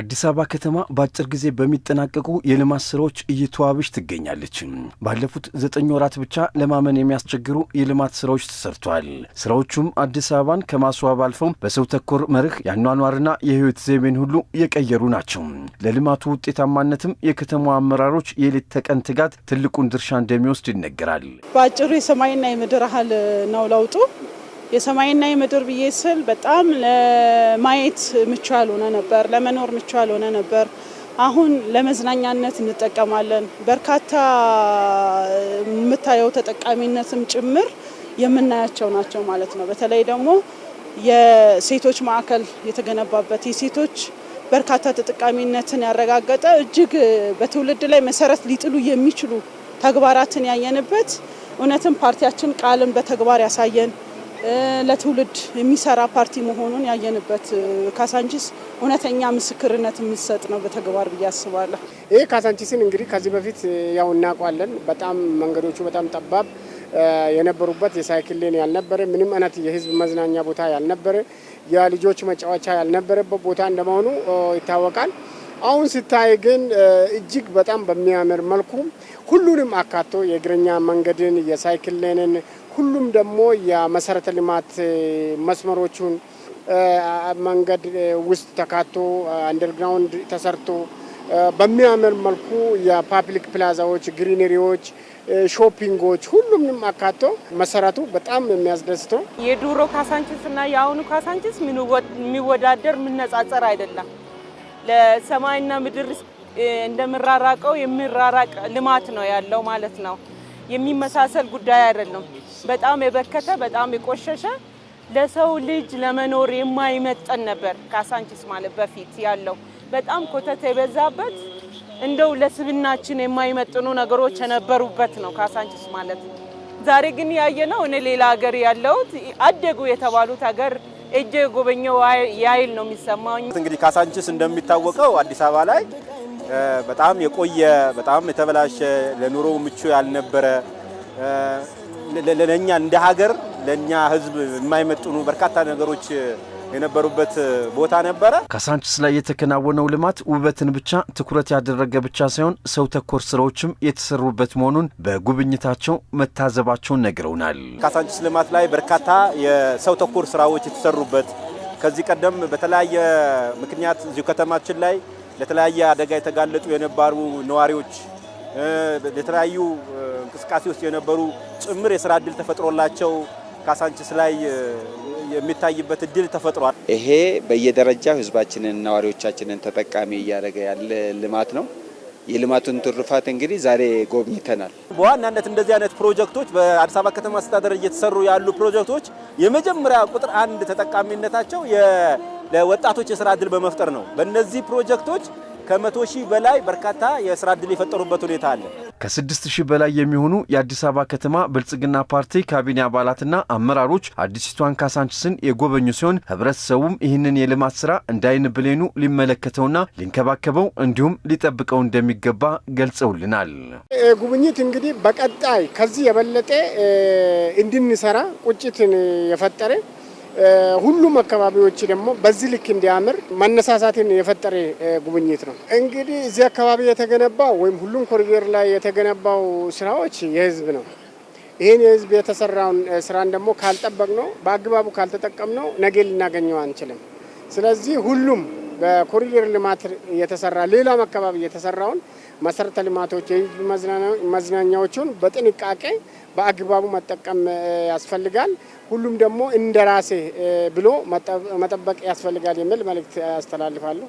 አዲስ አበባ ከተማ በአጭር ጊዜ በሚጠናቀቁ የልማት ስራዎች እየተዋበች ትገኛለች። ባለፉት ዘጠኝ ወራት ብቻ ለማመን የሚያስቸግሩ የልማት ስራዎች ተሰርቷል። ስራዎቹም አዲስ አበባን ከማስዋብ አልፈው በሰው ተኮር መርህ የአኗኗርና የህይወት ዘይቤን ሁሉ የቀየሩ ናቸው። ለልማቱ ውጤታማነትም የከተማ አመራሮች የሌት ተቀን ትጋት ትልቁን ድርሻ እንደሚወስድ ይነገራል። በአጭሩ የሰማይና የምድር ያህል ነው ለውጡ። የሰማይና የምድር ብዬ ስል በጣም ለማየት ምቹ ያልሆነ ነበር፣ ለመኖር ምቹ ያልሆነ ነበር። አሁን ለመዝናኛነት እንጠቀማለን። በርካታ የምታየው ተጠቃሚነትም ጭምር የምናያቸው ናቸው ማለት ነው። በተለይ ደግሞ የሴቶች ማዕከል የተገነባበት የሴቶች በርካታ ተጠቃሚነትን ያረጋገጠ እጅግ በትውልድ ላይ መሰረት ሊጥሉ የሚችሉ ተግባራትን ያየንበት እውነትም ፓርቲያችን ቃልን በተግባር ያሳየን ለትውልድ የሚሰራ ፓርቲ መሆኑን ያየንበት ካሳንቺስ እውነተኛ ምስክርነት የሚሰጥ ነው በተግባር ብዬ አስባለሁ። ይህ ካሳንቺስን እንግዲህ ከዚህ በፊት ያው እናውቋለን። በጣም መንገዶቹ በጣም ጠባብ የነበሩበት የሳይክል ሌን ያልነበረ ምንም አይነት የህዝብ መዝናኛ ቦታ ያልነበረ የልጆች መጫወቻ ያልነበረበት ቦታ እንደመሆኑ ይታወቃል። አሁን ስታይ ግን እጅግ በጣም በሚያምር መልኩ ሁሉንም አካቶ የእግረኛ መንገድን፣ የሳይክል ሌንን፣ ሁሉም ደግሞ የመሰረተ ልማት መስመሮቹን መንገድ ውስጥ ተካቶ አንደርግራውንድ ተሰርቶ በሚያምር መልኩ የፓብሊክ ፕላዛዎች፣ ግሪነሪዎች፣ ሾፒንጎች ሁሉንም አካቶ መሰረቱ በጣም የሚያስደስተው የድሮ ካሳንችስ እና የአሁኑ ካሳንችስ የሚወዳደር የሚነጻጸር አይደለም። ለሰማይና ምድር እንደምራራቀው የሚራራቅ ልማት ነው ያለው ማለት ነው። የሚመሳሰል ጉዳይ አይደለም። በጣም የበከተ በጣም የቆሸሸ ለሰው ልጅ ለመኖር የማይመጠን ነበር። ካሳንቺስ ማለት በፊት ያለው በጣም ኮተት የበዛበት እንደው ለስብናችን የማይመጥኑ ነገሮች የነበሩበት ነው ካሳንቺስ ማለት። ዛሬ ግን ያየ ነው እኔ ሌላ ሀገር ያለሁት አደጉ የተባሉት ሀገር እጀ የጎበኘው ያይል ነው የሚሰማኝ። እንግዲህ ካሳንችስ እንደሚታወቀው አዲስ አበባ ላይ በጣም የቆየ በጣም የተበላሸ ለኑሮ ምቹ ያልነበረ ለእኛ እንደ ሀገር ለእኛ ሕዝብ የማይመጥኑ በርካታ ነገሮች የነበሩበት ቦታ ነበረ። ካሳንችስ ላይ የተከናወነው ልማት ውበትን ብቻ ትኩረት ያደረገ ብቻ ሳይሆን ሰው ተኮር ስራዎችም የተሰሩበት መሆኑን በጉብኝታቸው መታዘባቸውን ነግረውናል። ካሳንችስ ልማት ላይ በርካታ የሰው ተኮር ስራዎች የተሰሩበት ከዚህ ቀደም በተለያየ ምክንያት እዚሁ ከተማችን ላይ ለተለያየ አደጋ የተጋለጡ የነባሩ ነዋሪዎች ለተለያዩ እንቅስቃሴ ውስጥ የነበሩ ጭምር የስራ እድል ተፈጥሮላቸው ካሳንችስ ላይ የሚታይበት እድል ተፈጥሯል። ይሄ በየደረጃው ህዝባችንን፣ ነዋሪዎቻችንን ተጠቃሚ እያደረገ ያለ ልማት ነው። የልማቱን ትሩፋት እንግዲህ ዛሬ ጎብኝተናል። በዋናነት እንደዚህ አይነት ፕሮጀክቶች በአዲስ አበባ ከተማ አስተዳደር እየተሰሩ ያሉ ፕሮጀክቶች የመጀመሪያ ቁጥር አንድ ተጠቃሚነታቸው ለወጣቶች የስራ እድል በመፍጠር ነው። በእነዚህ ፕሮጀክቶች ከመቶ ሺህ በላይ በርካታ የስራ እድል የፈጠሩበት ሁኔታ አለ። ከስድስት ሺህ በላይ የሚሆኑ የአዲስ አበባ ከተማ ብልጽግና ፓርቲ ካቢኔ አባላትና አመራሮች አዲሲቷን ካሳንችስን የጎበኙ ሲሆን ህብረተሰቡም ይህንን የልማት ስራ እንዳይን ብሌኑ ሊመለከተውና ሊንከባከበው እንዲሁም ሊጠብቀው እንደሚገባ ገልጸውልናል። ጉብኝት እንግዲህ በቀጣይ ከዚህ የበለጠ እንድንሰራ ቁጭትን የፈጠረ ሁሉም አካባቢዎች ደግሞ በዚህ ልክ እንዲያምር መነሳሳትን የፈጠረ ጉብኝት ነው። እንግዲህ እዚህ አካባቢ የተገነባው ወይም ሁሉም ኮሪደር ላይ የተገነባው ስራዎች የህዝብ ነው። ይህን የህዝብ የተሰራውን ስራን ደግሞ ካልጠበቅ ነው በአግባቡ ካልተጠቀም ነው ነገ ልናገኘው አንችልም። ስለዚህ ሁሉም በኮሪደር ልማት የተሰራ ሌላም አካባቢ የተሰራውን መሰረተ ልማቶች መዝናኛዎቹን መዝናኛዎችን በጥንቃቄ በአግባቡ መጠቀም ያስፈልጋል። ሁሉም ደግሞ እንደራሴ ብሎ መጠበቅ ያስፈልጋል የሚል መልእክት ያስተላልፋሉ።